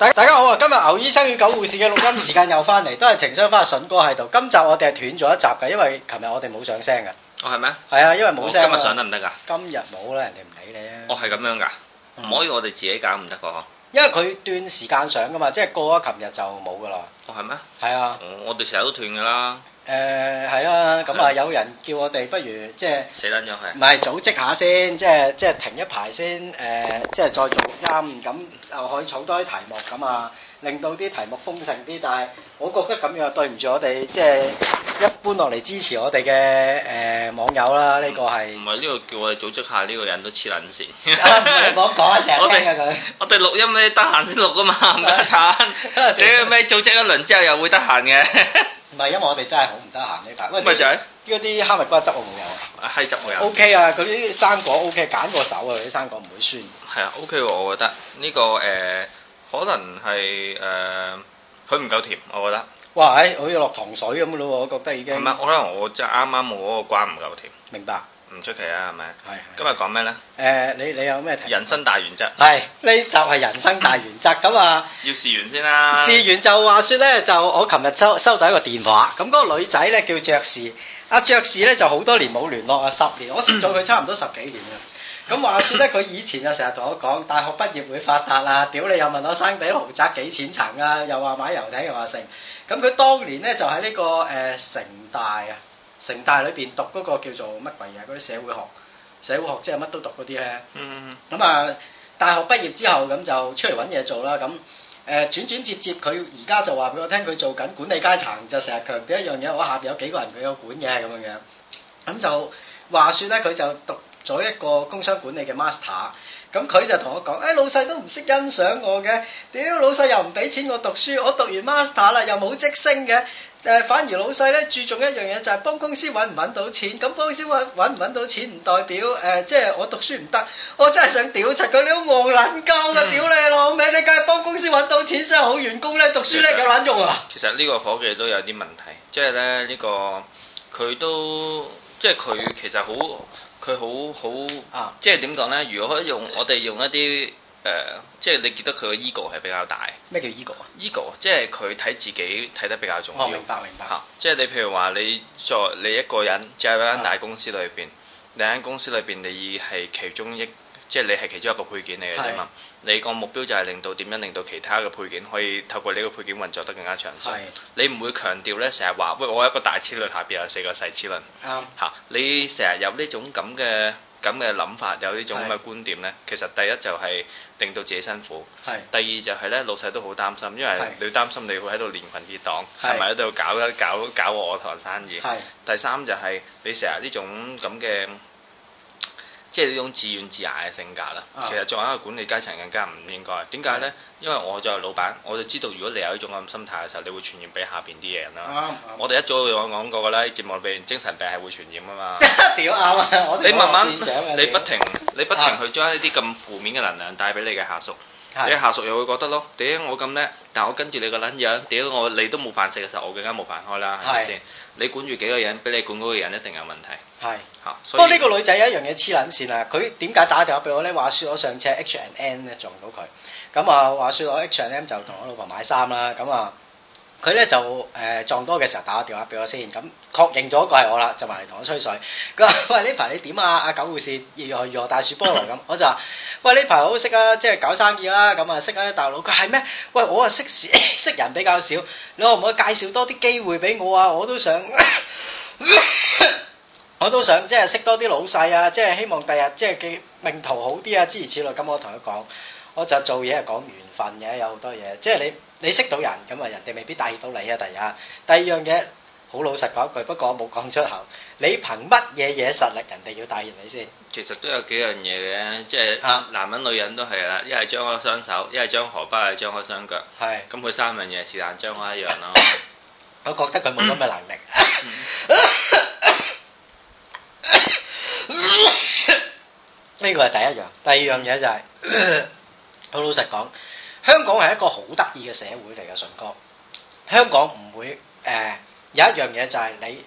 大家，大家好啊！今日牛醫生與狗護士嘅錄音時間又翻嚟，都係情商返筍哥喺度。今集我哋係斷咗一集嘅，因為琴日我哋冇上聲嘅。哦，係咩？係啊，因為冇聲。今日上得唔得噶？今日冇啦，人哋唔理你啊。哦，係咁樣噶，唔、嗯、可以我哋自己搞唔得個嗬。因為佢斷時間上噶嘛，即係過咗琴日就冇噶啦。哦，係咩？係啊。嗯、我我哋成日都斷噶啦。誒係啦，咁、呃、啊有人叫我哋不如即係死撚咗係，唔係、啊、組織下先，即係即係停一排先，誒、呃、即係再做一輪，咁又可以儲多啲題目咁啊，令到啲題目豐盛啲。但係我覺得咁樣對唔住我哋，即係一般落嚟支持我哋嘅誒網友啦。呢、這個係唔係呢個叫我哋組織下呢個人都黐撚線，講講成日聽吓佢。我哋、啊、 錄音咧，得閒先錄啊嘛，唔得閒。屌咩？組織一輪之後又會得閒嘅。 唔係因為我哋真係好唔得閒呢，但因為就係嗰啲哈密瓜汁我冇有，啊蝦汁我有。O、OK、K 啊，佢啲生果 O K，揀過手啊，佢啲生果唔會酸。係啊，O、OK、K、啊、我覺得呢、呢個誒、呃、可能係誒佢唔夠甜，我覺得。哇，唉好似落糖水咁嘅咯，我覺得已經。係咪？可能我即係啱啱我個瓜唔夠甜。明白。唔出奇啊，係咪？今日講咩咧？誒，你你有咩睇？人生大原則係，呢集係人生大原則咁啊！要試完先啦。試完就話說咧，就我琴日收收到一個電話，咁嗰個女仔咧叫爵士，阿爵士咧就好多年冇聯絡啊，十年，我識咗佢差唔多十幾年嘅。咁話說咧，佢以前就成日同我講，大學畢業會發達啊！屌你又問我生地豪宅幾錢層啊？又話買遊艇又話成。咁佢當年咧就喺呢個誒城大啊。城大裏邊讀嗰個叫做乜鬼嘢嗰啲社會學，社會學即係乜都讀嗰啲咧。咁啊、嗯，大學畢業之後咁就出嚟搵嘢做啦。咁誒，轉、呃、轉接接，佢而家就話俾我聽，佢做緊管理階層，就成日強調一樣嘢，我下邊有幾個人佢有管嘢咁樣樣。咁就話説咧，佢就讀咗一個工商管理嘅 master。咁佢就同我講，誒、哎、老細都唔識欣賞我嘅。屌老細又唔俾錢我讀書，我讀完 master 啦，又冇職升嘅，誒、呃、反而老細咧注重一樣嘢，就係、是、幫公司揾唔揾到錢。咁、嗯、幫公司揾唔揾到錢，唔代表誒即係我讀書唔得。我真係想屌柒佢，你都戇撚膠啊，屌你老味，你梗係幫公司揾到錢真係好員工咧，讀書叻有撚用啊！其實呢個伙計都有啲問題，即係咧呢、呢個佢都即係佢其實好。佢好好啊，即係點講呢？如果可以用我哋用一啲誒、呃，即係你記得佢嘅 ego 係比較大。咩叫 ego 啊？ego 即係佢睇自己睇得比較重要。明白、哦、明白。明白啊、即係你譬如話，你作你一個人即在一間大公司裏邊，啊、你間公司裏邊你係其中一。即係你係其中一個配件嚟嘅啫嘛，你個目標就係令到點樣令到其他嘅配件可以透過呢個配件運作得更加暢順。是你唔會強調咧，成日話喂我一個大齒輪下邊有四個細齒輪。啱嚇、嗯，你成日有呢種咁嘅咁嘅諗法，有呢種咁嘅是觀點咧，其實第一就係令到自己辛苦，是第二就係咧老細都好擔心，因為你擔心你會喺度連群結黨，係咪喺度搞一搞搞我台生意？第三就係你成日呢種咁嘅。即係呢種自怨自艾嘅性格啦，嗯、其實作為一個管理階層更加唔應該。點解呢？是 因為我作為老闆，我就知道如果你有呢種咁心態嘅時候，你會傳染俾下邊啲嘢人啦。嗯嗯、我哋一早有講過噶啦，節目裏邊精神病係會傳染啊嘛。嗯嗯嗯、你慢慢，你，你不停，你不停去將呢啲咁負面嘅能量帶俾你嘅下屬，嗯、你下屬又會覺得咯，點解我咁叻，但我跟住你個撚樣，屌我你都冇飯食嘅時候，我更加冇飯開啦，係咪先？是你管住幾個人，俾你管嗰個人一定有問題。係是，嚇。所以，不過呢個女仔有一樣嘢黐捻線啊！佢點解打電話俾我咧？話說我上次系 H and M 咧撞到佢，咁啊話說我 H and M 就同我老婆買衫啦，咁啊。佢咧就誒、呃、撞多嘅時候打個電話俾我先，咁確認咗個係我啦，就埋嚟同我吹水。佢話：喂呢排你點啊？阿狗護士如何如何大雪菠來咁。我就話：喂，呢排好識啊，即係搞生意啦，咁啊識啲大佬。佢係咩？喂我啊 識事識人比較少，你可唔可以介紹多啲機會俾我啊？我都想， 我都想即係識多啲老細啊！即係希望第日即係嘅命途好啲啊！諸如此類。咁我同佢講，我就做嘢係講緣分嘅，有好多嘢，即係你。你識到人咁啊，人哋未必帶到你啊！第二，第二樣嘢好老實講一句，不過冇講出口。你憑乜嘢嘢實力，人哋要帶你先？其實都有幾樣嘢嘅，即係男人女人都係啦，一係張開雙手，一係張荷包，一係張開雙腳。係。咁佢三樣嘢是但張開一樣咯。我覺得佢冇咁嘅能力。呢個係第一樣，第二樣嘢就係好老實講。香港係一個好得意嘅社會嚟嘅，順哥。香港唔會誒、呃、有一樣嘢就係你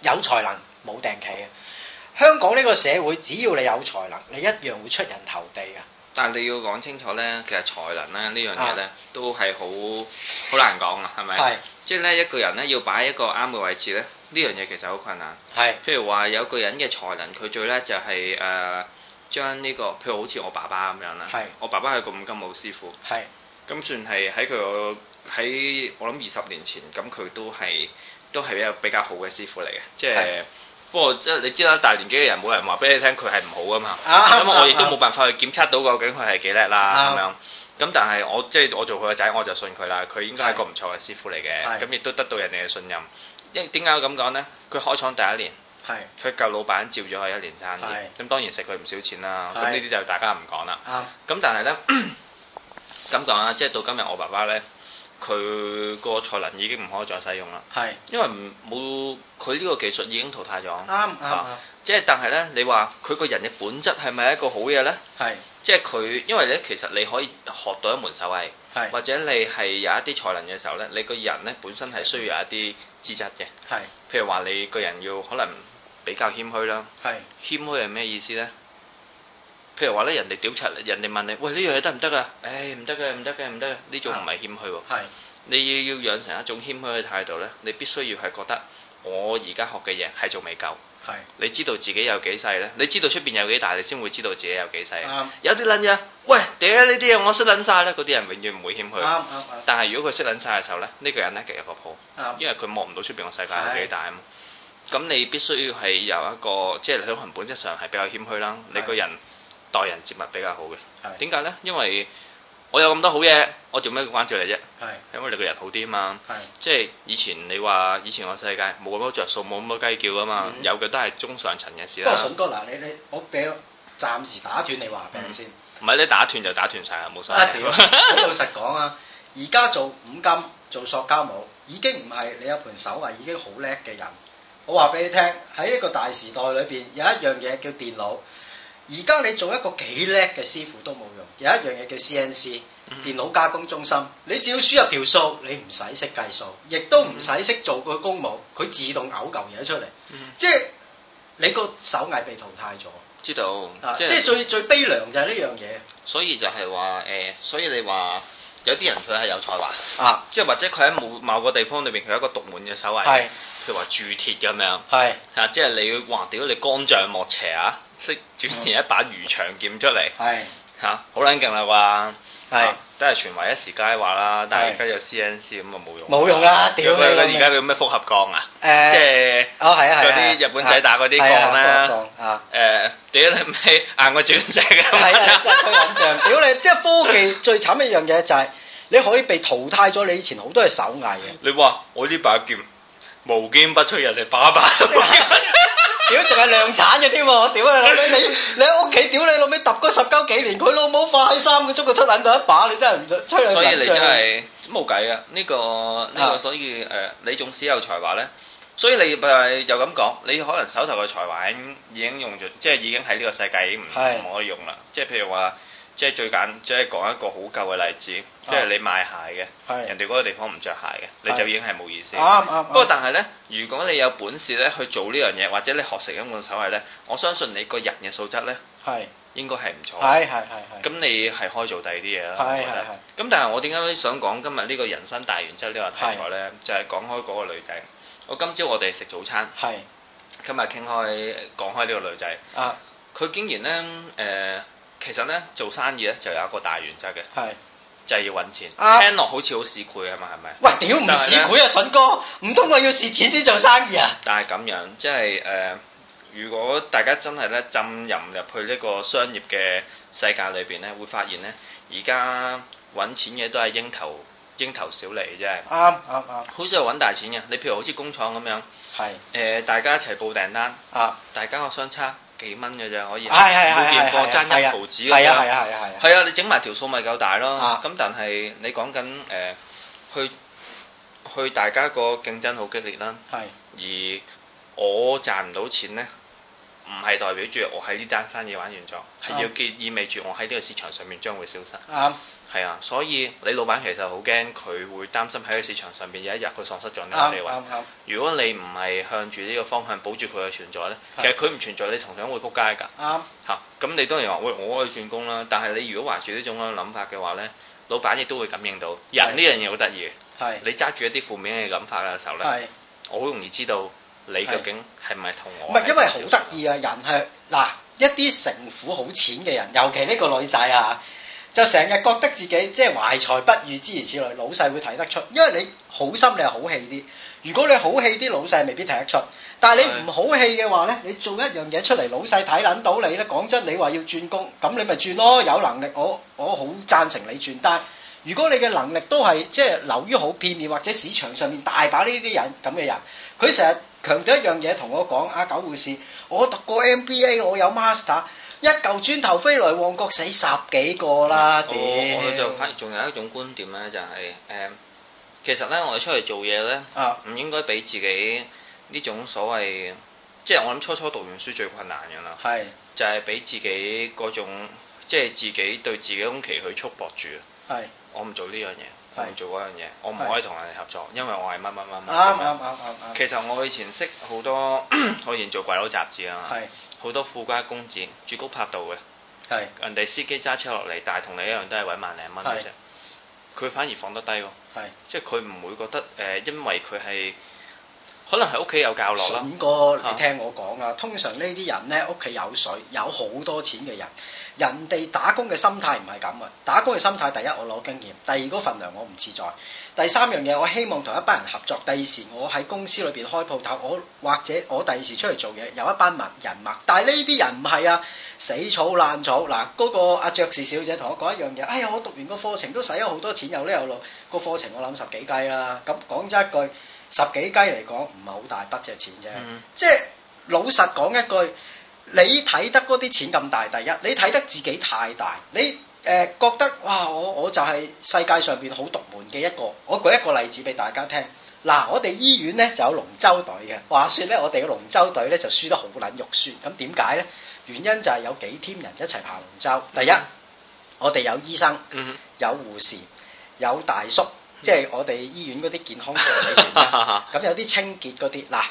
有才能冇定期嘅。香港呢個社會只要你有才能，你一樣會出人頭地嘅。但係你要講清楚咧，其實才能咧呢樣嘢咧都係好好難講啊，係咪？係。是 即係咧，一個人咧要擺一個啱嘅位置咧，呢樣嘢其實好困難。係。是 譬如話有個人嘅才能，佢最叻就係、是、誒。呃將呢、這個，譬如好似我爸爸咁樣啦，是我爸爸係個五金老師傅，咁是算係喺佢喺我諗二十年前，咁佢都係都係一個比較好嘅師傅嚟嘅，即係，不過即係你知啦，大年紀嘅人冇人話俾你聽佢係唔好啊嘛，咁、啊啊啊、我亦都冇辦法去檢測到究竟佢係幾叻啦咁樣，咁、啊嗯、但係我即係我做佢個仔，我就信佢啦，佢應該係個唔錯嘅師傅嚟嘅，咁亦是都得到人哋嘅信任，因點解會咁講咧？佢開廠第一年。係佢舊老闆照咗佢一年生意，咁的當然食佢唔少錢啦。咁呢啲就大家唔講啦。咁、嗯、但係呢，咁講啊，即係到今日我爸爸呢，佢個才能已經唔可以再使用啦。係的因為唔冇佢呢個技術已經淘汰咗。啱、嗯嗯嗯啊、即係但係呢，你話佢個人嘅本質係咪一個好嘢呢？係的即係佢，因為呢，其實你可以學到一門手藝，的或者你係有一啲才能嘅時候呢，你個人呢本身係需要有一啲資質嘅。係譬的的如話你個人要可能。比較謙虛啦，謙虛係咩意思咧？譬如話咧，人哋屌柒，人哋問你，喂，呢樣嘢得唔得啊？唉，唔得嘅，唔得嘅，唔得嘅，呢種唔係謙虛喎。係，你要要養成一種謙虛嘅態度咧，你必須要係覺得我而家學嘅嘢係仲未夠。係，你知道自己有幾細咧？你知道出邊有幾大，你先會知道自己有幾細。啱，有啲捻嘢，喂，點解呢啲嘢，我識捻晒啦，嗰啲人永遠唔會謙虛。啱啱，但係如果佢識捻晒嘅時候咧，呢個人咧極有個破。啱，因為佢望唔到出邊個世界有幾大啊嘛。咁你必須要係由一個即係你永宏，本質上係比較謙虛啦。是你個人待人接物比較好嘅，點解咧？因為我有咁多好嘢，我做咩關照你啫？係是因為你個人好啲啊嘛，是即係以前你話以前個世界冇咁多着數，冇咁多雞叫啊嘛，嗯、有嘅都係中上層嘅事啦。不過，筍哥嗱，你你我俾暫時打斷你話畀你先，唔係、嗯、你打斷就打斷曬，冇所謂。啊、 我老實講啊，而家做五金、做塑膠模已經唔係你一盤手啊，已經好叻嘅人。我話俾你聽，喺一個大時代裏邊，有一樣嘢叫電腦。而家你做一個幾叻嘅師傅都冇用，有一樣嘢叫 CNC、嗯、電腦加工中心。你只要輸入條數，你唔使識計數，亦都唔使識做個工模，佢自動嘔嚿嘢出嚟。嗯、即係你個手藝被淘汰咗。知道，就是啊，即係最最悲涼就係呢樣嘢。所以就係話誒，所以你話。有啲人佢係有才華，啊，即係或者佢喺某某個地方裏邊，佢有一個獨門嘅手藝，是譬如話鑄鐵咁樣，係是，嚇，即係你要話屌你干將莫邪啊，識轉成一把魚腸劍出嚟，係是，嚇、啊，好撚勁啦啩。係都係傳為一時佳話啦，但係而家有 CNC 咁啊冇用，冇用啦！屌你！而家嗰咩複合鋼啊？誒，即係哦，係啊，係啲日本仔打嗰啲鋼咧，誒，屌你咪硬過鑽石啊！係啊，最諗像屌你，即係科技最慘一樣嘢就係你可以被淘汰咗你以前好多嘅手藝嘅。你話我呢把劍無劍不出人哋把把。屌，仲係 量產嘅添喎！屌你老味，你你喺屋企屌你老味揼嗰十鳩幾年，佢老母快三佢足夠出捻到一把，你真係唔想吹兩銀，所以你真係冇計啊！呢個呢個，所以誒，你仲係有才華咧？所以你誒、呃、又咁講，你可能手頭嘅才華已經用咗，即係已經喺呢個世界已經唔可以用啦。即係譬如話。即係最簡，即係講一個好舊嘅例子，即係你賣鞋嘅，人哋嗰個地方唔着鞋嘅，你就已經係冇意思。啱啱。不過但係咧，如果你有本事咧去做呢樣嘢，或者你學成咁個手藝咧，我相信你個人嘅素質咧，係應該係唔錯。係係係。咁你係可以做第二啲嘢啦。係係係。咁但係我點解想講今日呢個人生大原則呢個題材咧？就係講開嗰個女仔。我今朝我哋食早餐。係。今日傾開講開呢個女仔。啊。佢竟然咧，誒。其實咧，做生意咧就有一個大原則嘅，是就係要揾錢。啊、聽落好似好市儈係嘛，係咪？喂，屌唔市儈啊，順哥！唔通我要蝕錢先做生意啊？但係咁樣，即係誒、呃，如果大家真係咧浸入入去呢個商業嘅世界裏邊咧，會發現咧，現而家揾錢嘅都係蠅頭蠅頭小利嘅啫。啱啱啱，好少係揾大錢嘅。你譬如好似工廠咁樣，誒是、呃，大家一齊報訂單，大家個相差。幾蚊嘅啫，可以每件貨賺一毫子咁啦。係啊係啊係啊係啊，係啊，啊你整埋條數咪夠大咯。咁、啊、但係你講緊誒，去去大家個競爭好激烈啦。係、哎、呀而我賺唔到錢咧，唔係代表住我喺呢單生意玩完咗，係、哎、呀要結意味住我喺呢個市場上面將會消失。哎係啊，所以你老闆其實好驚，佢會擔心喺個市場上邊有一日佢喪失咗。量、嗯。啱啱啱。嗯、如果你唔係向住呢個方向保住佢嘅存在咧，嗯、其實佢唔存在，你同樣會撲街㗎。啱。嚇，咁你當然話會我可以轉工啦，但係你如果懷住呢種咁嘅諗法嘅話咧，老闆亦都會感應到。人呢樣嘢好得意嘅。係是。你揸住一啲負面嘅諗法嘅時候咧，是我好容易知道你究竟係唔係同我。唔係，是是因為好得意啊！是是書人係嗱，一啲城府好淺嘅人，尤其呢個女仔啊。就成日覺得自己即係懷才不遇，之如此類，老細會睇得出，因為你好心，你係好氣啲。如果你好氣啲，老細未必睇得出。但係你唔好氣嘅話咧，你做一樣嘢出嚟，老細睇撚到你咧。講真，你話要轉工，咁你咪轉咯。有能力，我我好贊成你轉單。但如果你嘅能力都係即係流於好片面，或者市場上面大把呢啲人，咁嘅人，佢成日強調一樣嘢同我講啊，狗護士，我讀過 MBA 我有 master。一嚿磚頭飛來旺角，死十幾個啦！我、哦、我就反而仲有一種觀點咧、就係，就係誒，其實咧我哋出嚟做嘢咧，啊、唔應該俾自己呢種所謂，即係我諗初初讀完書最困難嘅啦，係是 就係俾自己嗰種，即係自己對自己嗰種期望束縛住。係是 我唔做呢樣嘢，是 我唔做嗰樣嘢，是 我唔可以同人哋合作，因為我係乜乜乜乜。啱啱啱啱。其實我以前識好多， 我 以前做鬼佬雜誌啊嘛。係。好多富家公子住高柏道嘅，係是人哋司機揸車落嚟，但係同你一樣都係揾萬零蚊嘅啫，佢是反而放得低喎，是即係佢唔會覺得誒、呃，因為佢係。可能係屋企有教落五哥，你聽我講啊，通常呢啲人咧，屋企有水有好多錢嘅人，人哋打工嘅心態唔係咁啊。打工嘅心態，第一我攞經驗，第二個份糧我唔自在，第三樣嘢我希望同一班人合作。第二時我喺公司裏邊開鋪頭，我或者我第二時出嚟做嘢，有一班人脈。但係呢啲人唔係啊，死草爛草嗱。嗰、嗰個阿爵士小姐同我講一樣嘢，哎呀我讀完個課程都使咗好多錢，又呢又路個課程我諗十幾雞啦。咁講真一句。十幾雞嚟講唔係好大筆只錢啫，嗯、即係老實講一句，你睇得嗰啲錢咁大，第一，你睇得自己太大，你誒、呃、覺得哇，我我就係世界上邊好獨門嘅一個。我舉一個例子俾大家聽，嗱，我哋醫院咧就有龍舟隊嘅，話說咧我哋嘅龍舟隊咧就輸得好撚肉酸，咁點解咧？原因就係有幾 team 人一齊爬龍舟，第一，嗯、我哋有醫生，嗯、有護士，有大叔。即係我哋醫院嗰啲健康助理嚟嘅，咁 有啲清潔嗰啲，嗱，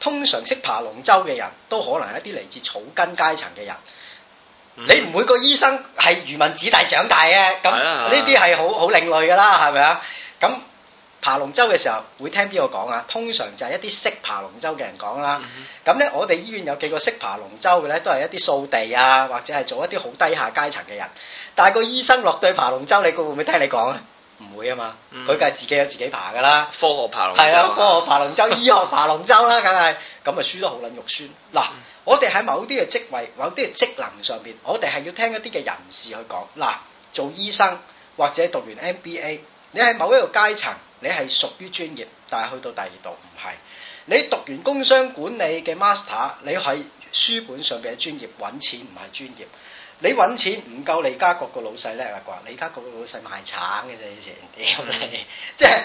通常識爬龍舟嘅人都可能係一啲嚟自草根階層嘅人。嗯、你唔每個唔會個醫生係漁民子弟長大嘅，咁呢啲係好好另類㗎啦，係咪啊？咁爬龍舟嘅時候會聽邊個講啊？通常就係一啲識爬龍舟嘅人講啦、啊。咁咧、嗯哼，我哋醫院有幾個識爬龍舟嘅咧，都係一啲掃地啊，或者係做一啲好低下階層嘅人。但係個醫生落對爬龍舟，你佢會唔會聽你講啊？ 唔會啊嘛，佢梗係自己有自己爬噶啦，科學爬龍舟，係啊，科學爬龍舟， 醫學爬龍舟啦，梗係咁啊，輸得好撚肉酸。嗱，嗯、我哋喺某啲嘅職位、某啲嘅職能上邊，我哋係要聽一啲嘅人士去講。嗱，做醫生或者讀完 MBA，你喺某一個階層，你係屬於專業，但係去到第二度唔係。你讀完工商管理嘅 master，你喺書本上邊嘅專業，揾錢唔係專業。你揾錢唔夠李家國個老細叻啦啩，李家國個老細賣橙嘅啫以前，屌你！嗯、即係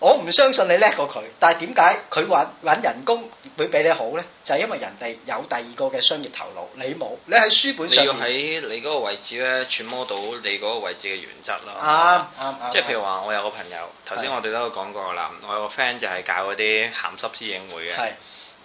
我唔相信你叻過佢，但係點解佢揾揾人工會比你好咧？就係、是、因為人哋有第二個嘅商業頭腦，你冇。你喺書本上你要喺你嗰個位置咧揣摩到你嗰個位置嘅原則咯。啱啱啱，嗯嗯嗯、即係譬如話，我有個朋友，頭先我哋都講過啦，的我有個 friend 就係搞嗰啲鹹濕私影會嘅。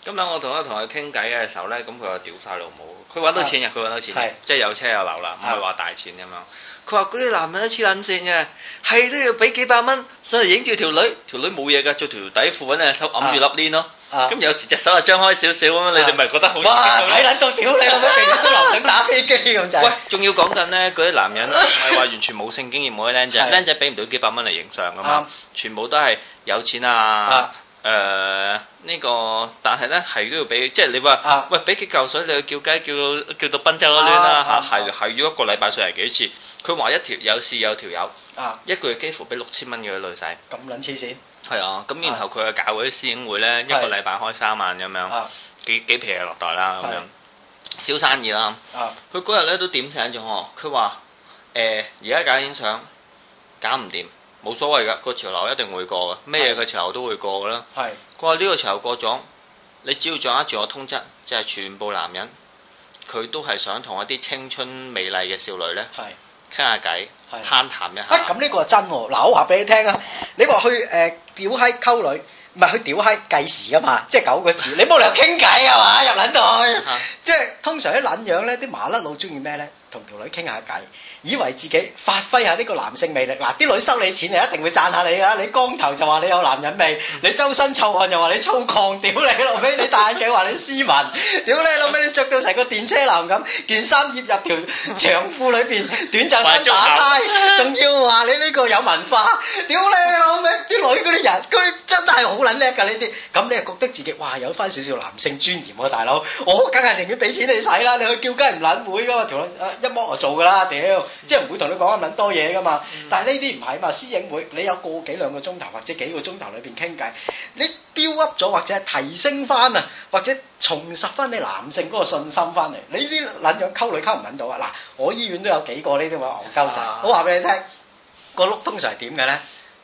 今晚我同咧同佢傾偈嘅時候咧，咁佢話屌晒老母，佢揾到錢呀，佢揾到錢，錢啊、即係有車有樓啦，唔係話大錢咁樣。佢話嗰啲男人都黐撚線嘅，係都要俾幾百蚊，上嚟影住條女，蜜蜜女，條女冇嘢㗎，著條底褲，揾隻手揞住粒鏈咯。咁、啊、有時隻手又張開少少咁樣，你哋咪覺得好？哇！睇撚到屌你啦咩？成日都流神打飛機咁就喂，仲要講緊咧，嗰啲男人唔係話完全冇性經驗，冇啲僆仔，僆仔俾唔到幾百蚊嚟影相㗎嘛，啊、全部都係有錢啊！啊誒呢個，但係咧係都要俾，即係你話喂俾幾嚿水你去叫雞，叫到叫到賓州都攣啦嚇，係係要一個禮拜上嚟幾次。佢話一條有時有條友，一個月幾乎俾六千蚊嘅女仔，咁撚黐線。係啊，咁然後佢又搞嗰啲攝影會咧，一個禮拜開三晚咁樣，幾幾皮嘢落袋啦咁樣，小生意啦。佢嗰日咧都點醒咗我，佢話誒而家搞影相搞唔掂。.冇所謂噶，個潮流一定會過噶，咩嘢嘅潮流都會過噶啦。係是，過呢個潮流過咗，你只要掌握住個通則，即係全部男人，佢都係想同一啲青春美麗嘅少女咧，傾下偈，攀談是一下。咁呢個係真喎，啊，嗱，我話俾你聽啊，你話去誒屌閪溝女，唔係去屌閪計時啊嘛，即係九個字， 你冇理由傾偈啊嘛，入捻袋，即係通常啲捻樣咧，啲麻甩佬中意咩咧，同條女傾下偈。以為自己發揮下呢個男性魅力，嗱，啲女收你錢就一定會讚下你㗎！你光頭就話你有男人味，你周身臭汗又話你粗獷，屌你老味！你戴眼鏡話你斯文，屌你老味！你着到成個電車男咁，件衫摺入條長褲裏邊，短袖衫打呔，仲要話你呢個有文化，屌你老味！啲女嗰啲人，佢。真係好撚叻㗎呢啲，咁你又覺得自己哇有翻少少男性尊嚴喎、啊，大佬，我梗係寧願俾錢你使啦，你去叫雞唔撚會噶嘛，條女一摸就做㗎啦，屌，即係唔會同你講咁撚多嘢㗎嘛。但係呢啲唔係嘛，私影會，你有個幾兩個鐘頭或者幾個鐘頭裏邊傾偈，你 build up 咗或者提升翻啊，或者重拾翻你男性嗰個信心翻嚟，你呢啲撚樣溝女溝唔撚到啊？嗱，我醫院都有幾個呢啲咁嘅戇鳩仔，我話俾你聽，個碌、啊、通常係點嘅咧？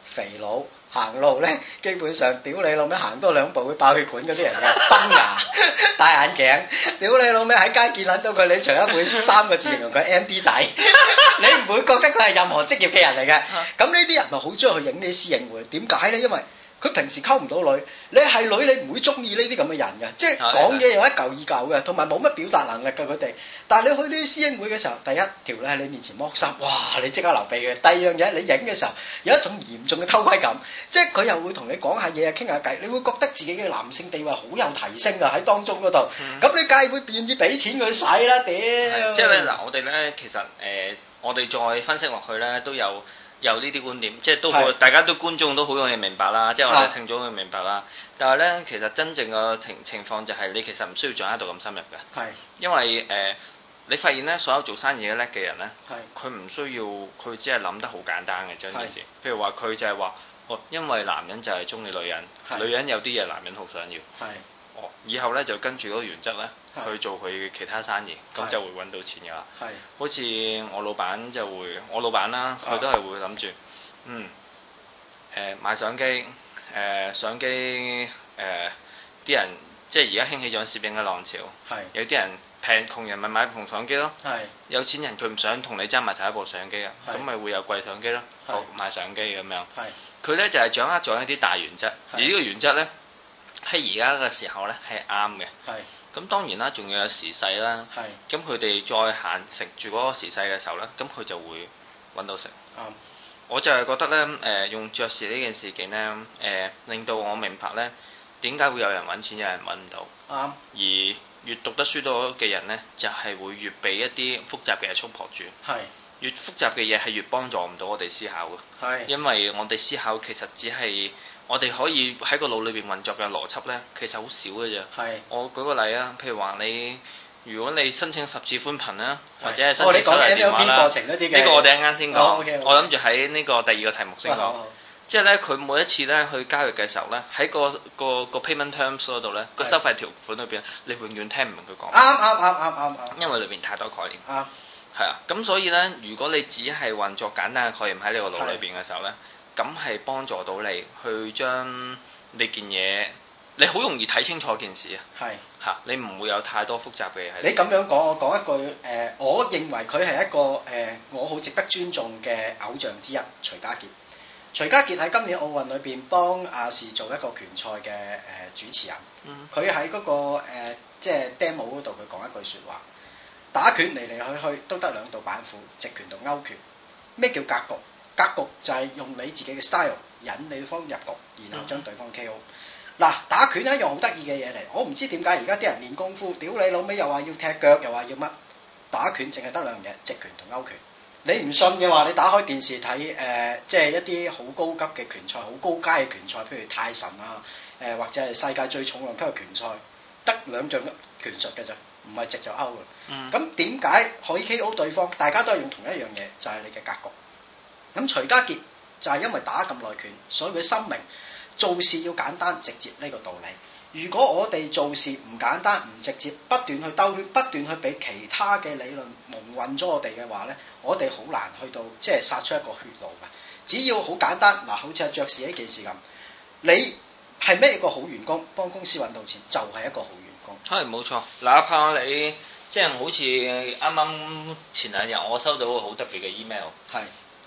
肥佬。行路咧，基本上屌你老味，行多兩步會爆血管嗰啲人，又崩 牙、戴眼鏡，屌你老味喺街見撚到佢，你除一會三個字形容佢 M D 仔， 你唔會覺得佢係任何職業嘅人嚟嘅。咁 呢啲人咪好中意去影呢啲私影會？點解咧？因為佢平時溝唔到女，你係女你唔會中意呢啲咁嘅人嘅，即係講嘢又一嚿二嚿嘅，同埋冇乜表達能力嘅佢哋。但係你去呢啲師兄會嘅時候，第一條咧喺你面前剝衫，哇！你即刻流鼻血。第二樣嘢，你影嘅時候有一種嚴重嘅偷窺感，即係佢又會同你講下嘢、傾下偈，你會覺得自己嘅男性地位好有提升啊喺當中嗰度。咁、嗯、你梗係會願意俾錢佢使啦，屌！即係嗱、呃，我哋咧其實誒，我哋再分析落去咧都有。有呢啲觀點，即係都好，是大家都觀眾都好容易明白啦。即係我哋聽咗會明白啦。但係咧，其實真正嘅情情況就係你其實唔需要掌握到咁深入㗎。係是，因為誒、呃，你發現咧，所有做生意叻嘅人咧，係佢唔需要，佢只係諗得好簡單嘅呢是件事。譬如話，佢就係話，哦，因為男人就係中意女人，是女人有啲嘢男人好想要。係。以後咧就跟住嗰個原則咧去做佢其他生意，咁就會揾到錢噶啦。好似我老闆就會，我老闆啦，佢都係會諗住，嗯，誒買相機，誒相機，誒啲人即係而家興起咗攝影嘅浪潮，有啲人平窮人咪買部紅相機咯，有錢人佢唔想同你爭埋第一部相機啊，咁咪會有貴相機咯，買相機咁樣，佢呢就係掌握咗一啲大原則，而呢個原則呢。喺而家嘅時候咧，係啱嘅。係的。咁當然啦，仲要有時勢啦。係的。咁佢哋再行食住嗰個時勢嘅時候咧，咁佢就會揾到食。啱的。我就係覺得咧，誒、呃、用「爵士」呢件事件咧，誒、呃、令到我明白咧，點解會有人揾錢，有人揾唔到。啱的。而越讀得書多嘅人咧，就係、是、會越畀一啲複雜嘅嘢衝破住。係的。越複雜嘅嘢係越幫助唔到我哋思考㗎。係的。因為我哋思考其實只係。我哋可以喺個腦裏邊運作嘅邏輯咧，其實好少嘅啫。係。我舉個例啊，譬如話你，如果你申請十次寬頻咧，或者係申請收費電話啦，呢個我哋啱啱先講，我諗住喺呢個第二個題目先講。即係咧，佢每一次咧去交易嘅時候咧，喺個個個 payment terms 嗰度咧，個收費條款裏邊，你永遠聽唔明佢講。啱啱啱啱啱。因為裏邊太多概念。啱。係啊，咁所以咧，如果你只係運作簡單嘅概念喺你個腦裏邊嘅時候咧。咁係幫助到你去將你件嘢，你好容易睇清楚件事是啊！係吓，你唔會有太多複雜嘅嘢喺。你咁樣講，我講一句誒、呃，我認為佢係一個誒、呃，我好值得尊重嘅偶像之一，徐家傑。徐家傑喺今年奧運裏邊幫亞視做一個拳賽嘅誒主持人。佢喺嗰個誒即係 demo 嗰度，佢、呃、講、就是、一句説話：打拳嚟嚟去去都得兩道板斧，直拳同勾拳。咩叫格局？格局就係用你自己嘅 style 引你方入局，然後將對方 K.O. 嗱、嗯、打拳一樣好得意嘅嘢嚟。我唔知點解而家啲人練功夫，屌你老尾又話要踢腳，又話要乜打拳，淨係得兩樣嘢，直拳同勾拳。你唔信嘅話，你打開電視睇誒，即、呃、係、就是、一啲好高級嘅拳賽，好高階嘅拳賽，譬如泰神啊，誒、呃、或者係世界最重量級嘅拳賽，得兩樣拳術嘅就唔係直就勾啦。咁點解可以 K.O. 對方？大家都係用同一樣嘢，就係、是、你嘅格局。咁徐家杰就係因為打咁耐拳，所以佢心明做事要簡單直接呢個道理。如果我哋做事唔簡單唔直接，不斷去兜圈，不斷去俾其他嘅理論蒙混咗我哋嘅話咧，我哋好難去到即係殺出一個血路噶。只要好簡單，嗱，好似阿爵士呢件事咁，你係咩一個好員工，幫公司搵到錢就係、是、一個好員工。係冇錯，哪怕你即係、就是、好似啱啱前兩日我收到個好特別嘅 email。係。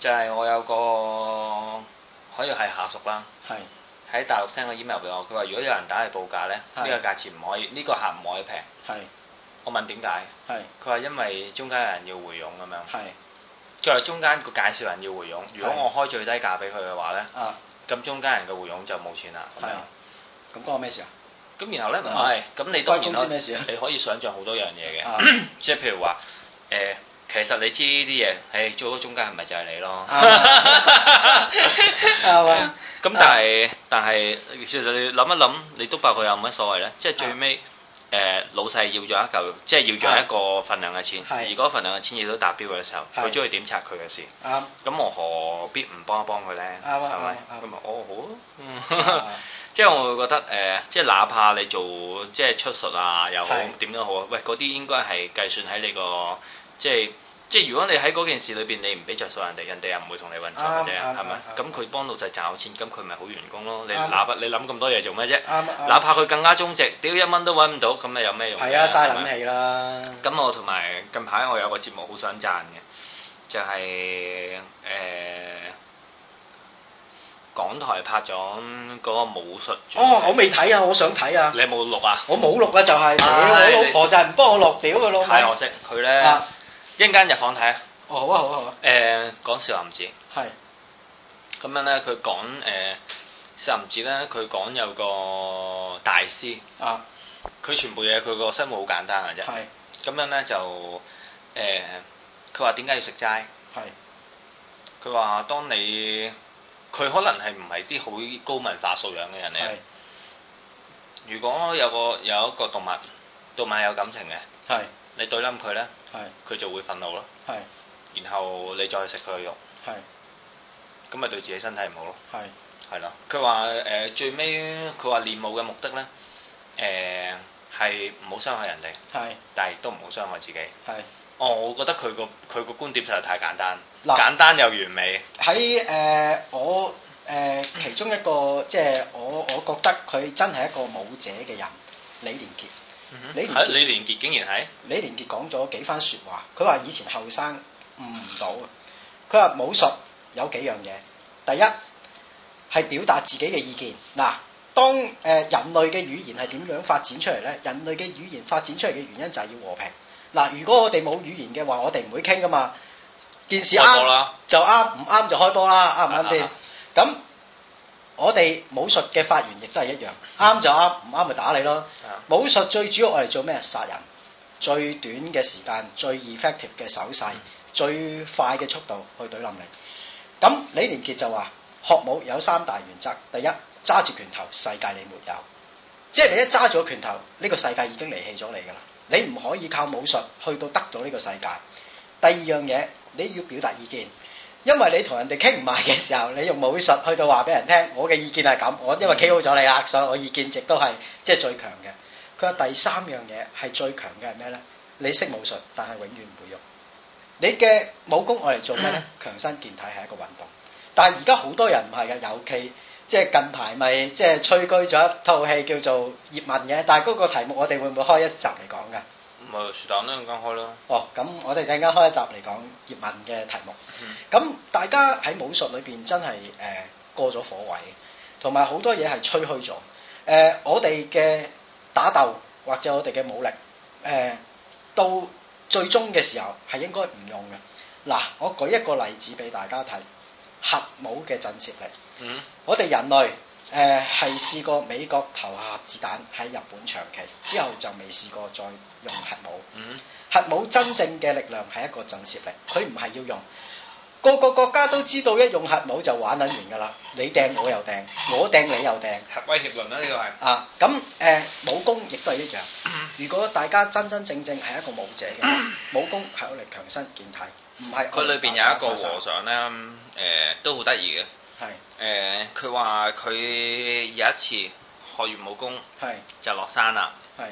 就係我有個可以係下屬啦，喺大陸 send 個 email 俾我，佢話如果有人打嚟報價咧，呢個價錢唔可以，呢個客唔可以平。係，我問點解？係，佢話因為中間有人要回傭咁樣。係，再中間個介紹人要回傭，如果我開最低價俾佢嘅話咧，啊，咁中間人嘅回傭就冇錢啦。係，咁關我咩事啊？咁然後咧唔係，咁你當然啦，你可以想像好多樣嘢嘅，即係譬如話誒。其實你知啲嘢，誒做個中間係咪就係你咯？係咪？咁但係但係，其實你諗一諗，你督爆佢有乜所謂咧？即係最尾誒老細要咗一嚿，即係要咗一個份量嘅錢。如果份量嘅錢亦都達標嘅時候，佢中意點拆佢嘅事。啱。咁我何必唔幫一幫佢咧？啱啊！係咪？咁啊，我好咯。即係我會覺得誒，即係哪怕你做即係出術啊又好點都好，喂嗰啲應該係計算喺你個即係。即係如果你喺嗰件事裏邊，你唔俾着數人哋，人哋又唔會同你運作嘅，係咪？咁佢幫到就係賺到錢，咁佢咪好員工咯？你哪怕你諗咁多嘢做咩啫？哪怕佢更加忠直，屌一蚊都揾唔到，咁咪有咩用？係啊，嘥諗氣啦！咁我同埋近排我有個節目好想讚嘅，就係誒港台拍咗嗰個武術。哦，我未睇啊，我想睇啊！你有冇錄啊？我冇錄啊，就係我老婆就係唔幫我落屌嘅咯。太可惜，佢咧。一陣間入房睇啊！哦，好啊，好啊，好啊！誒、欸，講，是講、呃、少林寺，係咁樣咧。佢講誒少林寺咧，佢講有個大師啊。佢全部嘢佢個生活好簡單嘅啫。係咁是樣咧就誒，佢話點解要食齋？係佢話：當你佢可能係唔係啲好高文化素養嘅人嚟。係是如果有個有一個動物動物有感情嘅係。你懟冧佢咧，佢是就會憤怒咯。係是，然後你再食佢嘅肉，咁咪是對自己身體唔好咯。係是，係啦。佢話誒最尾，佢話練武嘅目的咧，誒係唔好傷害人哋，是但係亦都唔好傷害自己。係是。哦，我覺得佢個佢個觀點實在太簡單，那簡單又完美。喺誒、呃、我誒、呃、其中一個即係我我覺得佢真係一個武者嘅人，李連杰。李李連杰、啊、竟然係李連杰講咗幾番說話，佢話以前後生悟唔到，佢話武術有幾樣嘢，第一係表達自己嘅意見。嗱，當誒、呃、人類嘅語言係點樣發展出嚟咧？人類嘅語言發展出嚟嘅原因就係要和平。嗱，如果我哋冇語言嘅話，我哋唔會傾噶嘛。件事啱就啱，唔啱就開波啦，啱唔啱先？咁。我哋武術嘅發源亦都係一樣，啱就啱，唔啱咪打你咯。武術最主要我哋做咩？殺人，最短嘅時間，最 effective 嘅手勢，最快嘅速度去懟冧你。咁李連杰就話學武有三大原則，第一，揸住拳頭，世界你沒有，即係你一揸住拳頭，呢個世界已經離棄咗你噶啦，你唔可以靠武術去到得到呢個世界。第二樣嘢，你要表達意見。因為你同人哋傾唔埋嘅時候，你用武術去到話俾人聽，我嘅意見係咁，我因為企好咗你啦，所以我意見值都係即係最強嘅。佢話第三樣嘢係最強嘅係咩咧？你識武術，但係永遠唔會用。你嘅武功我嚟做咩咧？強身健體係一個運動。但係而家好多人唔係噶，尤其即係近排咪即係吹居咗一套戲叫做葉問嘅。但係嗰個題目我哋會唔會開一集嚟講噶？咪樹膽啦，咁講開啦！哦，咁我哋陣間開一集嚟講葉問嘅題目。咁、嗯、大家喺武術裏邊真係誒、呃、過咗火位，同埋好多嘢係吹噓咗。誒、呃，我哋嘅打鬥或者我哋嘅武力誒、呃，到最終嘅時候係應該唔用嘅。嗱，我舉一個例子俾大家睇，核武嘅震懾力。嗯。我哋人類。誒，係試、呃、過美國投下核子彈喺日本長期之後就未試過再用核武。嗯，核武真正嘅力量係一個震懾力，佢唔係要用。個個國家都知道一用核武就玩捻完噶啦，你掟我又掟，我掟你又掟。核威攝論啊呢個係啊，咁、這、誒、個啊啊呃，武功亦都係一樣。如果大家真真正正係一個武者嘅話，嗯、武功係攞嚟強身健體。唔係，佢裏邊有一個和尚咧，誒、呃，都好得意嘅。係誒，佢話佢有一次學完武功，係就落山啦，係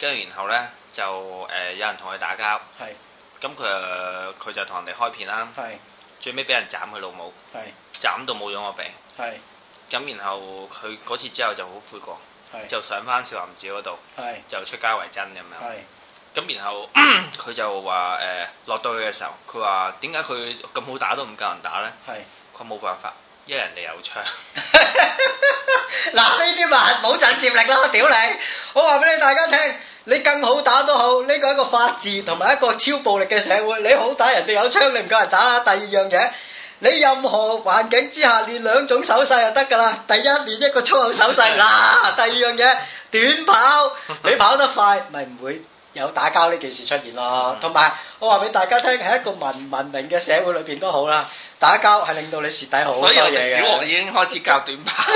跟住然後咧就誒有人同佢打交，係咁佢佢就同人哋開片啦，係最尾俾人斬佢老母，係斬到冇咗個鼻，係咁然後佢嗰次之後就好悔過，就上返少林寺嗰度，係就出家為真咁樣，係咁然後佢就話誒落到去嘅時候，佢話點解佢咁好打都唔夠人打咧？係佢冇辦法。一人哋有槍，嗱呢啲咪係冇震懾力咯，屌你！我話俾你大家聽，你更好打都好，呢個係一個法治同埋一個超暴力嘅社會，你好打，人哋有槍，你唔夠人打啦。第二樣嘢，你任何環境之下練兩種手勢就得噶啦。第一練一個粗口手勢，嗱、 啊，第二樣嘢短跑，你跑得快咪唔 會。有打交呢件事出現咯，同埋我話俾大家聽，喺一個文文明嘅社會裏邊都好啦，打交係令到你蝕底好多嘢嘅。小王已經開始搞短跑，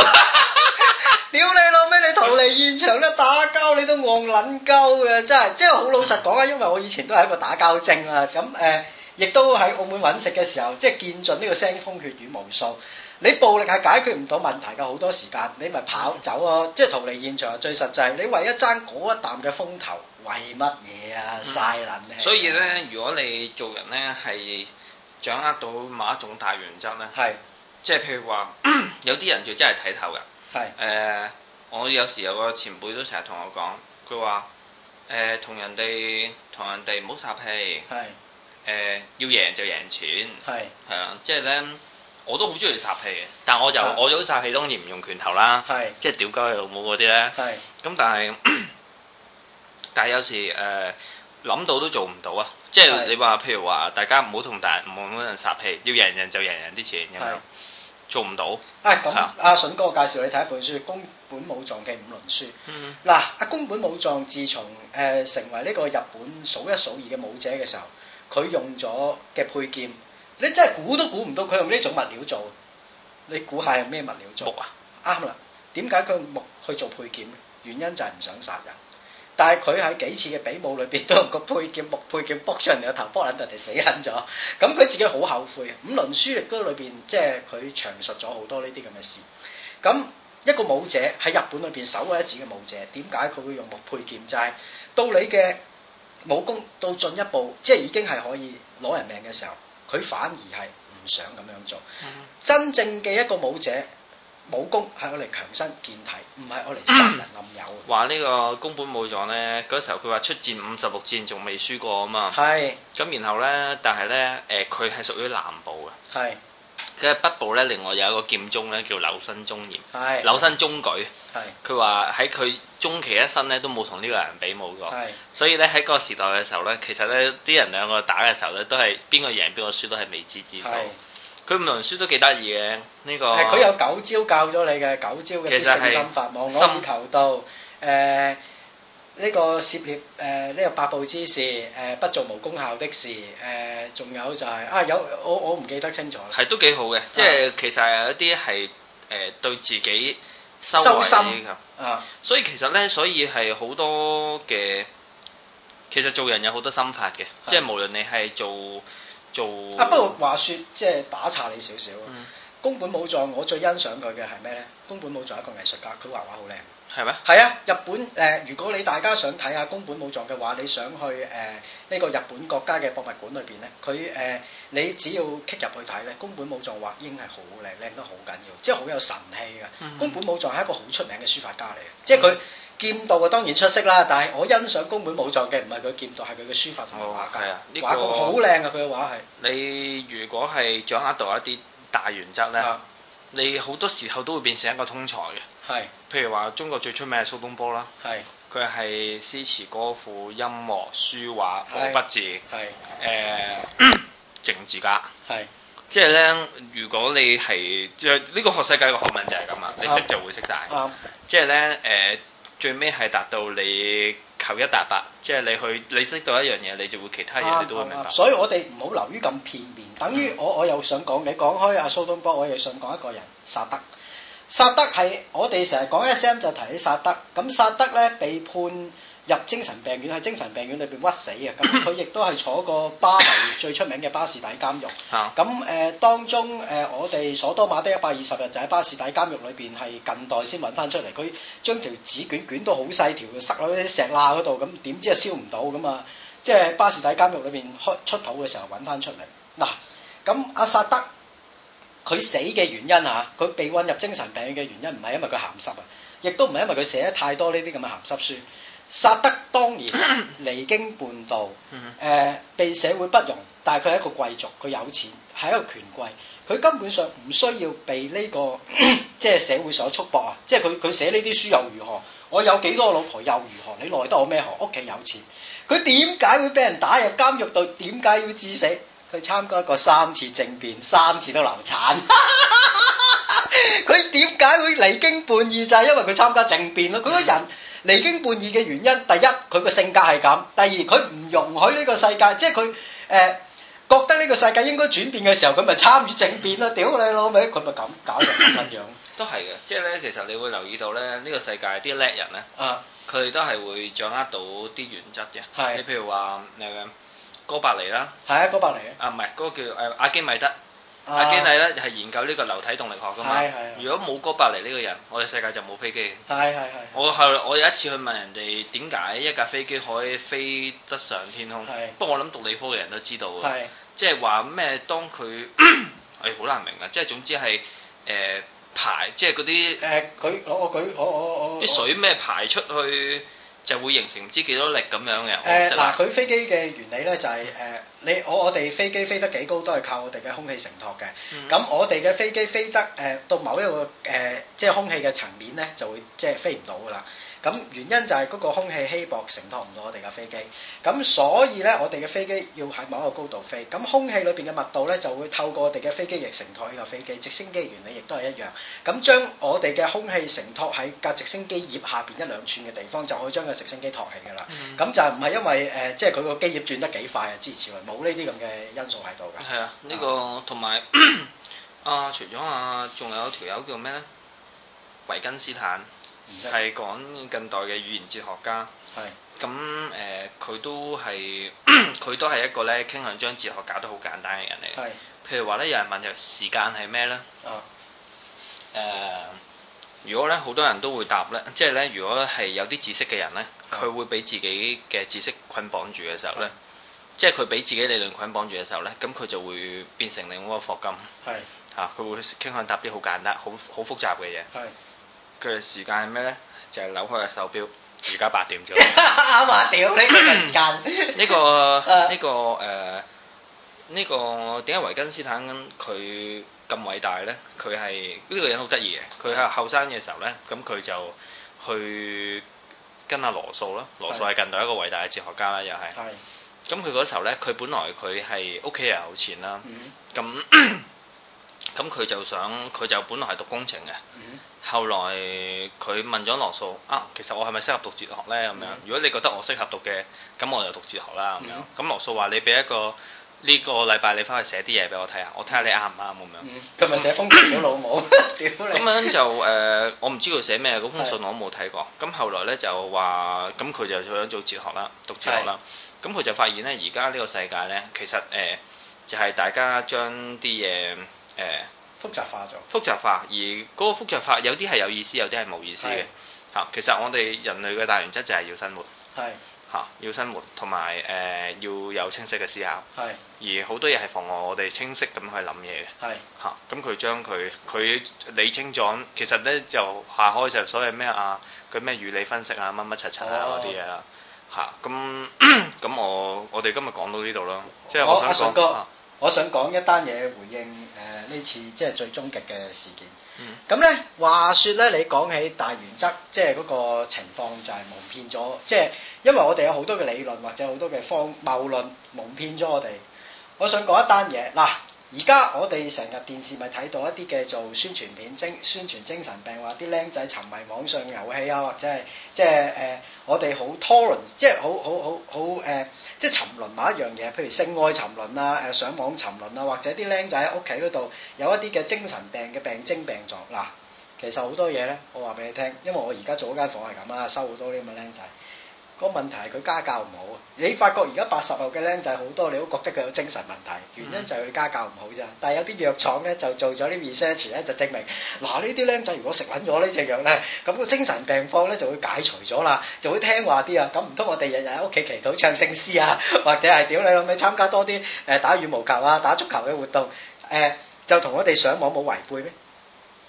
屌你老味！你逃離現場都打交，你都戇撚鳩嘅，真係真係好老實講啊！因為我以前都係一個打交精啦，咁、嗯、誒，亦、呃、都喺澳門揾食嘅時候，即係見盡呢個腥風血雨無數。你暴力係解決唔到問題嘅，好多時間你咪跑走咯，即係逃離現場最實際。你為一爭嗰一啖嘅風頭。為乜嘢啊？嘥撚氣！所以咧，如果你做人咧係掌握到某一種大原則咧，係即係譬如話有啲人就真係睇透噶。係誒，我有時有個前輩都成日同我講，佢話誒同人哋同人哋唔好㓤氣。係誒，要贏就贏錢。係係啊，即係咧，我都好中意㓤氣嘅，但係我就我如果㓤氣，當然唔用拳頭啦。係即係屌鳩佢老母嗰啲咧。係咁，但係。但係有時誒諗、呃、到都做唔到啊！即係你話是譬如話，大家唔好同大冇人殺氣，要贏人就贏人啲錢，咁樣是做唔到。誒咁，阿筍哥我介紹你睇一本書《宮本武藏嘅五輪書》嗯。嗱、啊，阿宮本武藏自從誒、呃、成為呢個日本數一數二嘅武者嘅時候，佢用咗嘅配劍，你真係估都估唔到佢用呢種物料做。你估下用咩物料做、嗯、木啊！啱啦。點解佢用木去做配劍？原因就係唔想殺人。但係佢喺幾次嘅比武裏邊都用個佩劍，木佩劍卜出人哋個頭，卜撚人哋死撚咗，咁佢自己好後悔。五輪書都裏邊即係佢詳述咗好多呢啲咁嘅事。咁一個武者喺日本裏邊首屈一指嘅武者，點解佢會用木佩劍、劍？就係到你嘅武功到進一步，即係已經係可以攞人命嘅時候，佢反而係唔想咁樣做。真正嘅一個武者。武功係我嚟強身健體，唔係我嚟殺人暗殺。話呢、嗯、個宮本武藏呢，嗰時候佢話出戰五十六戰仲未輸過啊嘛。係是。咁然後呢，但係呢，誒佢係屬於南部嘅。係是。佢喺北部呢，另外有一個劍宗呢，叫柳生宗嚴。係是。柳生宗矩是柳生宗矩。係。佢話喺佢終其一生呢都冇同呢個人比武過。是所以呢，喺嗰個時代嘅時候呢，其實呢啲人兩個打嘅時候呢，都係邊個贏邊個輸都係未知之數是。佢唔論書都幾得意嘅，呢個，係佢有九招教咗你嘅九招嘅，啲信心法望，望心求道，誒呢心、呃這個涉獵誒呢、呃這個八步之士、誒、呃、不做無功效的事，誒、呃、仲有就係、是、啊有我我唔記得清楚啦。係都幾好嘅，即係是的 其實係一啲係誒對自己修收心啊，是的 所以其實咧，所以係好多嘅，其實做人有好多心法嘅，即係無論你係做。做啊！不過話説即係打岔你少少啊。宮、嗯、本武藏我最欣賞佢嘅係咩咧？宮本武藏係一個藝術家，佢畫畫好靚。係咩嗎？係啊！日本誒、呃，如果你大家想睇下宮本武藏嘅話，你想去誒呢、呃這個日本國家嘅博物館裏邊咧，佢誒、呃、你只要 k 入去睇咧，宮本武藏畫英係好靚，靚得好緊要，即係好有神氣嘅。宮、嗯、本武藏係一個好出名嘅書法家嚟嘅，即係佢。嗯劍道啊，當然出色啦！但係我欣賞宮本武藏嘅唔係佢劍道，係佢嘅書法同佢畫嘅畫，好靚啊！佢嘅畫係。你如果係掌握到一啲大原則咧，你好多時候都會變成一個通才嘅。係。譬如話中國最出名嘅蘇東坡啦。係。佢係詩詞歌賦、音樂、書畫、毛筆字。係。誒，政治家。係。即係咧，如果你係即係呢個學世界嘅學問就係咁啊！你識就會識晒。即係咧，誒。最尾係達到你求一達百，即係你去你識到一樣嘢，你就會其他嘢、啊、你都會明白。啊啊、所以我哋唔好流於咁片面，等於我、嗯、我又想講，你講開阿蘇東坡，我又想講一個人薩德。薩德係我哋成日講 SM 就提起薩德，咁薩德呢被判，入精神病院喺精神病院裏邊屈死嘅，佢亦都係坐過巴黎最出名嘅巴士底監獄。咁誒、 呃、當中誒、呃、我哋索多馬的一百二十日就喺、是、巴士底監獄裏邊係近代先揾翻出嚟。佢將條紙捲捲到好細條，塞落啲石罅嗰度。咁點知係燒唔到咁啊，即係巴士底監獄裏邊開出土嘅時候揾翻出嚟。嗱，咁阿薩德佢死嘅原因啊，佢被運入精神病院嘅原因唔係因為佢鹹濕啊，亦都唔係因為佢寫得太多呢啲咁嘅鹹濕書。薩德當年離經叛道，誒、呃，被社會不容，但係佢係一個貴族，佢有錢，係一個權貴，佢根本上唔需要被呢、這個 即係社會所束縛啊！即係佢佢寫呢啲書又如何？我有幾多個老婆又如何？你奈得我咩何？屋企有錢，佢點解會俾人打入監獄到點解要致死？佢參加過三次政變，三次都流產，佢點解會離經叛義？就係、是、因為佢參加政變咯，佢個人。嗯離經叛異嘅原因，第一，佢個性格係咁，第二，佢唔容許呢個世界，即係佢誒覺得呢個世界應該轉變嘅時候，咁咪參與政變咯。屌你老味，佢咪咁搞成咁樣。都係嘅，即係咧，其實你會留意到咧，呢、呢個世界啲叻人咧，佢哋、嗯、都係會掌握到啲原則嘅。係的，你譬如話誒哥白尼啦，係啊，哥白尼啊，唔係嗰個叫誒阿基米德。啊、阿經理咧，係研究呢個流體動力學㗎嘛。係係係，如果冇哥白尼呢個人，我哋世界就冇飛機。係係係。我後我有一次去問人哋點解一架飛機可以飛得上天空，係係，不過我諗讀理科嘅人都知道㗎係、哎，即係話咩？當佢誒好難明啊，即係總之係誒、呃、排，即係嗰啲誒佢我我舉我我我啲水咩排出去？就會形成唔知幾多力咁樣嘅。誒、呃，嗱，佢飛機嘅原理咧就係、是：誒、呃，你我我哋飛機飛得幾高都係靠我哋嘅空氣承托嘅。咁、嗯嗯、我哋嘅飛機飛得誒、呃、到某一個誒、呃，即係空氣嘅層面咧，就會即係飛唔到噶啦。咁原因就係嗰個空氣稀薄承托唔到我哋嘅飛機，咁所以咧我哋嘅飛機要喺某一個高度飛，咁空氣裏邊嘅密度咧就會透過我哋嘅飛機翼承托呢個飛機。直升機原理亦都係一樣。咁將我哋嘅空氣承托喺架直升機葉下邊一兩寸嘅地方，就可以將個直升機托起㗎啦。咁、嗯、就唔係因為誒、呃，即係佢個機葉轉得幾快啊，支持佢，冇呢啲咁嘅因素喺度㗎。係啊，呢個同埋啊，除咗啊，仲有條友叫咩咧？維根斯坦係懂講近代嘅語言哲學家，咁誒佢都係佢都係一個咧傾向將哲學搞得好簡單嘅人嚟。是譬如話咧，有人問佢時間係咩咧？誒、啊呃，如果咧好多人都會答咧，即係咧如果係有啲知識嘅人咧，佢、啊、會俾自己嘅知識捆綁住嘅時候咧，是即係佢俾自己理論捆綁住嘅時候咧，咁佢就會變成另一個霍金，嚇佢是、啊、會傾向答啲好簡單、好好複雜嘅嘢。佢嘅時間係咩咧？就係、是、扭開個手錶，而家八點啫。啱話屌呢個時間、 呢個呢、呃呢個誒呢個點解維根斯坦佢咁偉大咧？佢係呢個人好得意嘅。佢喺後生嘅時候咧，咁佢就去跟阿羅素咯。羅素係近代一個偉大嘅哲學家啦，又係。係的。咁佢嗰時候咧，佢本來佢係屋企人有錢啦。咁咁佢就想，佢就本來係讀工程嘅。嗯後來佢問咗羅素啊，其實我係咪適合讀哲學咧？咁樣、嗯、如果你覺得我適合讀嘅，咁我就讀哲學啦。咁樣咁羅素話你俾一個呢、呢個禮拜你翻去寫啲嘢，俾我睇下，我睇下你啱唔啱咁樣。佢咪、嗯嗯、寫封信俾老母，屌你！咁樣就誒、呃，我唔知佢寫咩，嗰封信我都冇睇過。咁的後來咧就話咁佢就想做哲學啦，讀哲學啦。咁佢的就發現咧，而家呢個世界咧，其實誒、呃，就係、是、大家將啲嘢誒。呃呃複雜化咗，複雜化，而嗰個複雜化有啲係有意思，有啲係冇意思嘅。吓，其實我哋人類嘅大原則就係要生活，係吓，要生活，同埋誒要有清晰嘅思考，係。而好多嘢係妨礙我哋清晰咁去諗嘢嘅，係。吓，咁佢將佢佢理清楚，其實咧就下開就所謂咩啊，佢咩語理分析啊，乜乜七七啊嗰啲嘢啦，吓，咁咁我我哋今日講到呢度囉，即係我想講。我想講一單嘢回應誒呢、呃、次即係最終極嘅事件。咁咧、嗯、話説咧，你講起大原則，即係嗰個情況就係蒙騙咗，即、就、係、是、因為我哋有好多嘅理論或者好多嘅方謬論蒙騙咗我哋。我想講一單嘢嗱。而家我哋成日電視咪睇到一啲嘅做宣傳片精宣傳精神病，話啲僆仔沉迷網上遊戲啊，或者係即係誒、呃，我哋好拖輪，即係好好好好誒，即係沉淪某一樣嘢，譬如性愛沉淪啊，誒、呃、上網沉淪啊，或者啲僆仔喺屋企嗰度有一啲嘅精神病嘅病徵病狀嗱，其實好多嘢咧，我話俾你聽，因為我而家做嗰間房係咁啊，收好多啲咁嘅僆仔。個問題係佢家教唔好，你發覺而家八十後嘅僆仔好多，你都覺得佢有精神問題，原因就係佢家教唔好咋。但係有啲藥廠咧就做咗啲 research 咧，就證明嗱呢啲僆仔如果食穩咗呢隻藥咧，咁個精神病況咧就會解除咗啦，就會聽話啲啊。咁唔通我哋日日喺屋企祈禱唱聖詩啊，或者係屌你老味參加多啲誒打羽毛球啊、打足球嘅活動誒，就同我哋上網冇違背咩？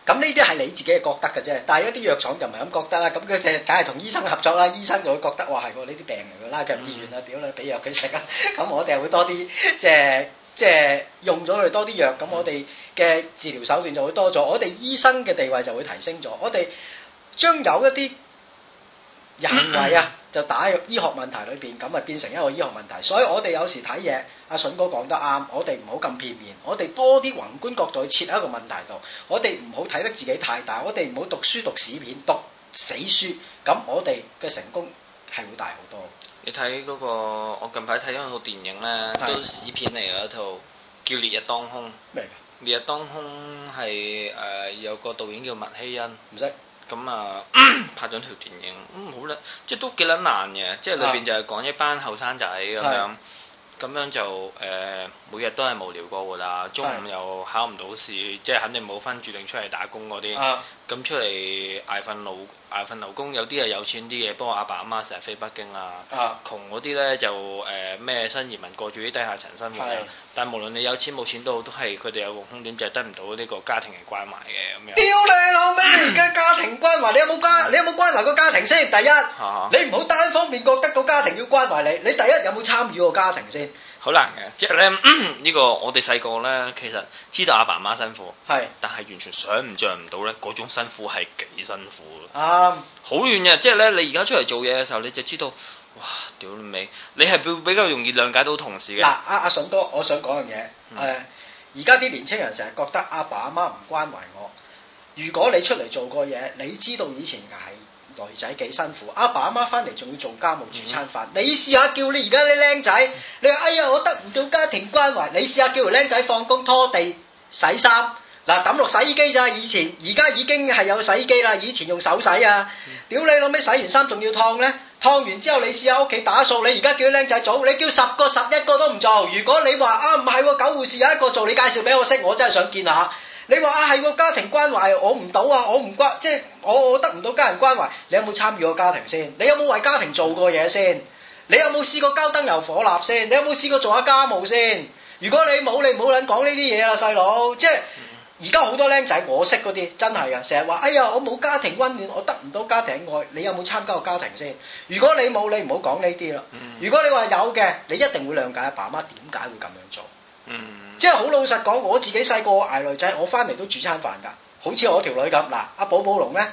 咁呢啲係你自己係覺得嘅啫，但係一啲藥廠就唔係咁覺得啦。咁佢哋梗係同醫生合作啦，醫生就會覺得哇係喎，呢啲病嚟嘅，拉入醫院，mm hmm. 啊，屌你俾藥佢食啊。咁我哋會多啲即係即係用咗佢多啲藥，咁我哋嘅治療手段就會多咗，mm hmm. 我哋醫生嘅地位就會提升咗，我哋將有一啲人為啊。Mm hmm. 就打入醫學問題裏邊，咁啊變成一個醫學問題。所以我哋有時睇嘢，阿、啊、筍哥講得啱，我哋唔好咁片面，我哋多啲宏觀角度去切入一個問題度，我哋唔好睇得自己太大，我哋唔好讀書讀屎片、讀死書，咁我哋嘅成功係會大好多。你睇嗰、那個，我近排睇咗套電影咧，的都屎片嚟嘅一套，叫《烈日當空》。咩麼？烈日當空係誒、呃、有個導演叫麥曦茵。唔識。咁啊、嗯，拍咗條電影，嗯，好啦，即係都幾捻難嘅，即係裏邊就係講一班後生仔咁樣咁樣，樣就誒、呃、每日都係無聊過噶啦，中午又考唔到試，啊、即係肯定冇分注定出嚟打工嗰啲。啊咁出嚟捱份勞捱份勞工，勞工有啲係有錢啲嘅，幫我阿爸阿媽成日飛北京啊。啊、窮嗰啲呢，就誒咩、呃、新移民過住啲低下層生活。啊、但無論你有錢冇錢都好，都係佢哋有個空點就係、是、得唔到呢個家庭嘅關懷嘅咁樣。屌你老味！而家、嗯、家庭關懷，你有冇家、啊？你有冇關懷個家庭先？第一，啊、你唔好單方面覺得個家庭要關懷你。你第一，第一有冇參與個家庭先？好難嘅，即係咧、這個、呢個我哋細個咧，其實知道阿爸阿媽辛苦，係是但係完全想唔著唔到咧嗰種辛苦係幾辛苦咯，好、啊、遠嘅，即係咧你而家出嚟做嘢嘅時候，你就知道哇屌你尾，你係比比較容易諒解到同事嘅。嗱，阿阿順哥，我想講樣嘢，誒，而家啲年青人成日覺得阿爸阿媽唔關懷我，如果你出嚟做過嘢，你知道以前捱。女仔幾辛苦，阿爸阿媽翻嚟仲要做家務煮餐飯。嗯嗯，你試下叫你而家啲靚仔，你話哎呀我得唔到家庭關懷。你試下叫條靚仔放工拖地洗衫，嗱揼落洗衣機咋？以前而家已經係有洗衣機啦，以前用手洗啊。屌你老尾洗完衫仲要燙咧，燙完之後你試下屋企打掃，你而家叫靚仔做，你叫十個十一個都唔做。如果你話啊唔係個狗護士有一個做，你介紹俾我識，我真係想見下。你話啊，係個家庭關懷我唔到啊，我唔關即係我我得唔到家人關懷？你有冇參與過家庭先？你有冇為家庭做過嘢先？你有冇試過交燈油火蠟先？你有冇試過做下家務先？如果你冇，你唔好捻講呢啲嘢啊，細佬。即係而家好多僆仔，我識嗰啲真係啊。成日話哎呀，我冇家庭溫暖，我得唔到家庭愛。你有冇參加過家庭先？如果你冇，你唔好講呢啲啦。如果你話有嘅，你一定會諒解阿爸媽點解會咁樣做。嗯，即係好老實講，我自己細個挨女仔，我翻嚟都煮餐飯噶。好似我條女咁，嗱，阿寶寶龍咧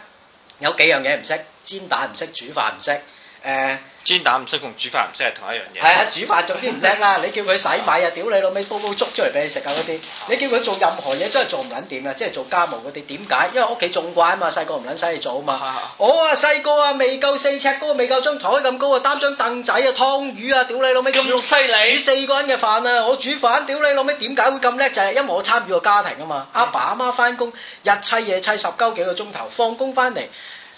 有幾樣嘢唔識，煎蛋唔識，煮飯唔識，唔識誒。煎蛋唔識同煮飯唔識，即係同一樣嘢。係啊，煮飯總之唔叻啦。 你叫佢洗米啊，屌 你老味煲煲粥出嚟俾你食啊嗰啲。 你叫佢做任何嘢真係做唔撚掂啊， 即係做家務嗰啲。點解？因為屋企縱慣啊嘛，細個唔撚使你做啊嘛。我、 oh, 啊細個啊未夠四尺高，未夠張台咁高啊，擔張凳仔啊，湯魚啊，屌你老味咁犀利煮四個人嘅飯啊！我煮飯，屌你老味點解會咁叻？就係、是、因為我參與個家庭啊嘛。阿 爸阿媽翻工，日砌夜砌十鳩幾個鐘頭，放工翻嚟。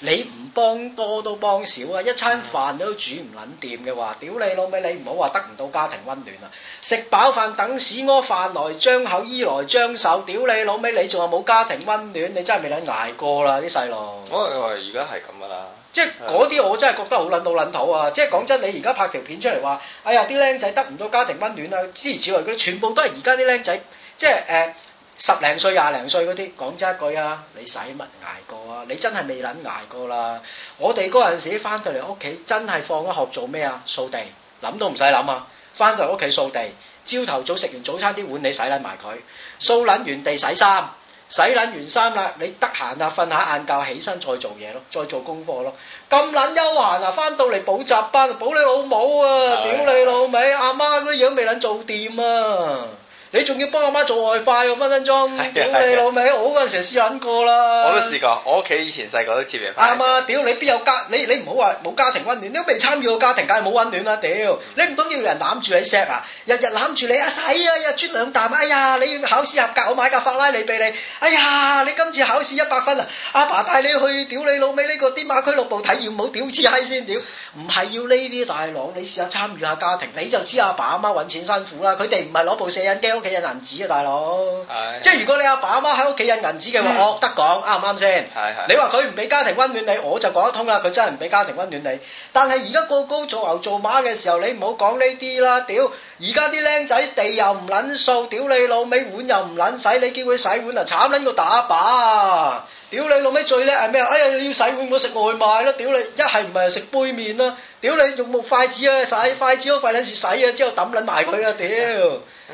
你唔幫多都幫少啊！一餐飯你都煮唔捻掂嘅話，嗯屌啊，屌你老味！你唔好話得唔到家庭溫暖啊！食飽飯等屎屙，飯來張口衣來張手，屌你老味！你仲話冇家庭溫暖，你真係未捻挨過、啊哦、啦！啲細路，我話而家係咁噶啦，即係嗰啲我真係覺得好捻到捻到啊！即係講真，你而家拍條片出嚟話，哎呀，啲靚仔得唔到家庭溫暖啊！諸如此類佢全部都係而家啲靚仔，即係誒。呃呃十零歲、廿零歲嗰啲，講真一句啊，你使乜捱過啊？你真係未撚捱過啦！我哋嗰陣時翻到嚟屋企，真係放咗學做咩啊？掃地，諗都唔使諗啊！翻到嚟屋企掃地，朝頭早食完早餐啲碗你洗撚埋佢，掃撚完地洗衫，洗撚完衫啦，你得閒啊瞓下晏覺，起身再做嘢咯，再做功課咯，咁撚悠閒啊！翻到嚟補習班補你老母啊，的屌你老味，阿媽嗰啲嘢未撚做掂啊！你仲要幫阿媽做外快喎，分分鐘屌你老味！我嗰陣時試揾過啦。我都試過，我屋企以前細個都接人。阿啊！屌你邊有家？你你唔好話冇家庭溫暖，你都未參與過家庭，梗係冇溫暖啦！屌你唔通要人攬住你錫啊？日日攬住你阿仔啊，日、哎、捐兩啖。哎呀，你要考試合格，我買架法拉利俾你。哎呀，你今次考試一百分啊！阿爸，爸帶你去屌你老味呢、呢個天馬俱樂部體驗冇屌之嗨先屌！要唔係要呢啲大佬，你試下參與下家庭，你就知阿爸阿媽揾錢辛苦啦。佢哋唔係攞部攝影機屋企印銀紙啊，大佬。係。即係如果你阿爸阿媽喺屋企印銀紙嘅話，係。我得講啱唔啱先？係係。你話佢唔俾家庭溫暖你，我就講得通啦。佢真係唔俾家庭溫暖你。但係而家個個做牛做馬嘅時候，你唔好講呢啲啦，屌！而家啲僆仔地又唔撚掃，屌你老尾，碗又唔撚洗，你叫佢洗碗啊？慘撚過打靶啊。屌你老味最叻係咩？哎呀，你要洗碗，我食外賣咯！屌你，一係唔係食杯麵咯？屌你，用木筷子啊，洗筷子都快捻時洗啊，之後抌捻埋佢啊！屌，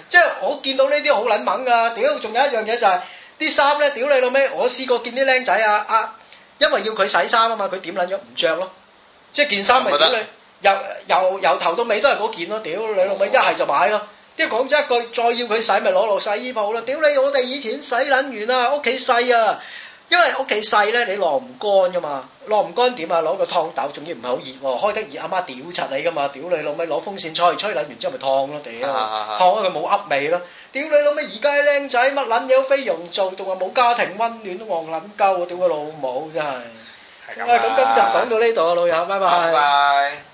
即係我見到呢啲好捻猛噶。屌，仲有一樣嘢就係啲衫咧，屌你老味，我試過見啲僆仔啊，啊，因為要佢洗衫啊嘛，佢點捻咗唔着咯？即係件衫咪屌你，由由由頭到尾都係嗰件咯。屌你老味，一係就買咯。即係講真一句，再要佢洗咪攞落洗衣鋪啦！屌你，我哋以前洗捻完啊，屋企細啊。因為屋企細咧，你晾唔乾噶嘛，晾唔乾點啊？攞個燙斗，仲要唔係好熱，開得熱阿媽屌柒你噶嘛，屌你老味！攞風扇吹，吹撚完之後咪燙咯，屌、啊啊啊！燙開佢冇噏味咯，屌你老味！而家啲僆仔乜撚嘢都飛揚做，仲話冇家庭溫暖，都戇撚鳩，屌個老母真係。係咁，咁今日講到呢度啊，啊老友，拜拜。拜拜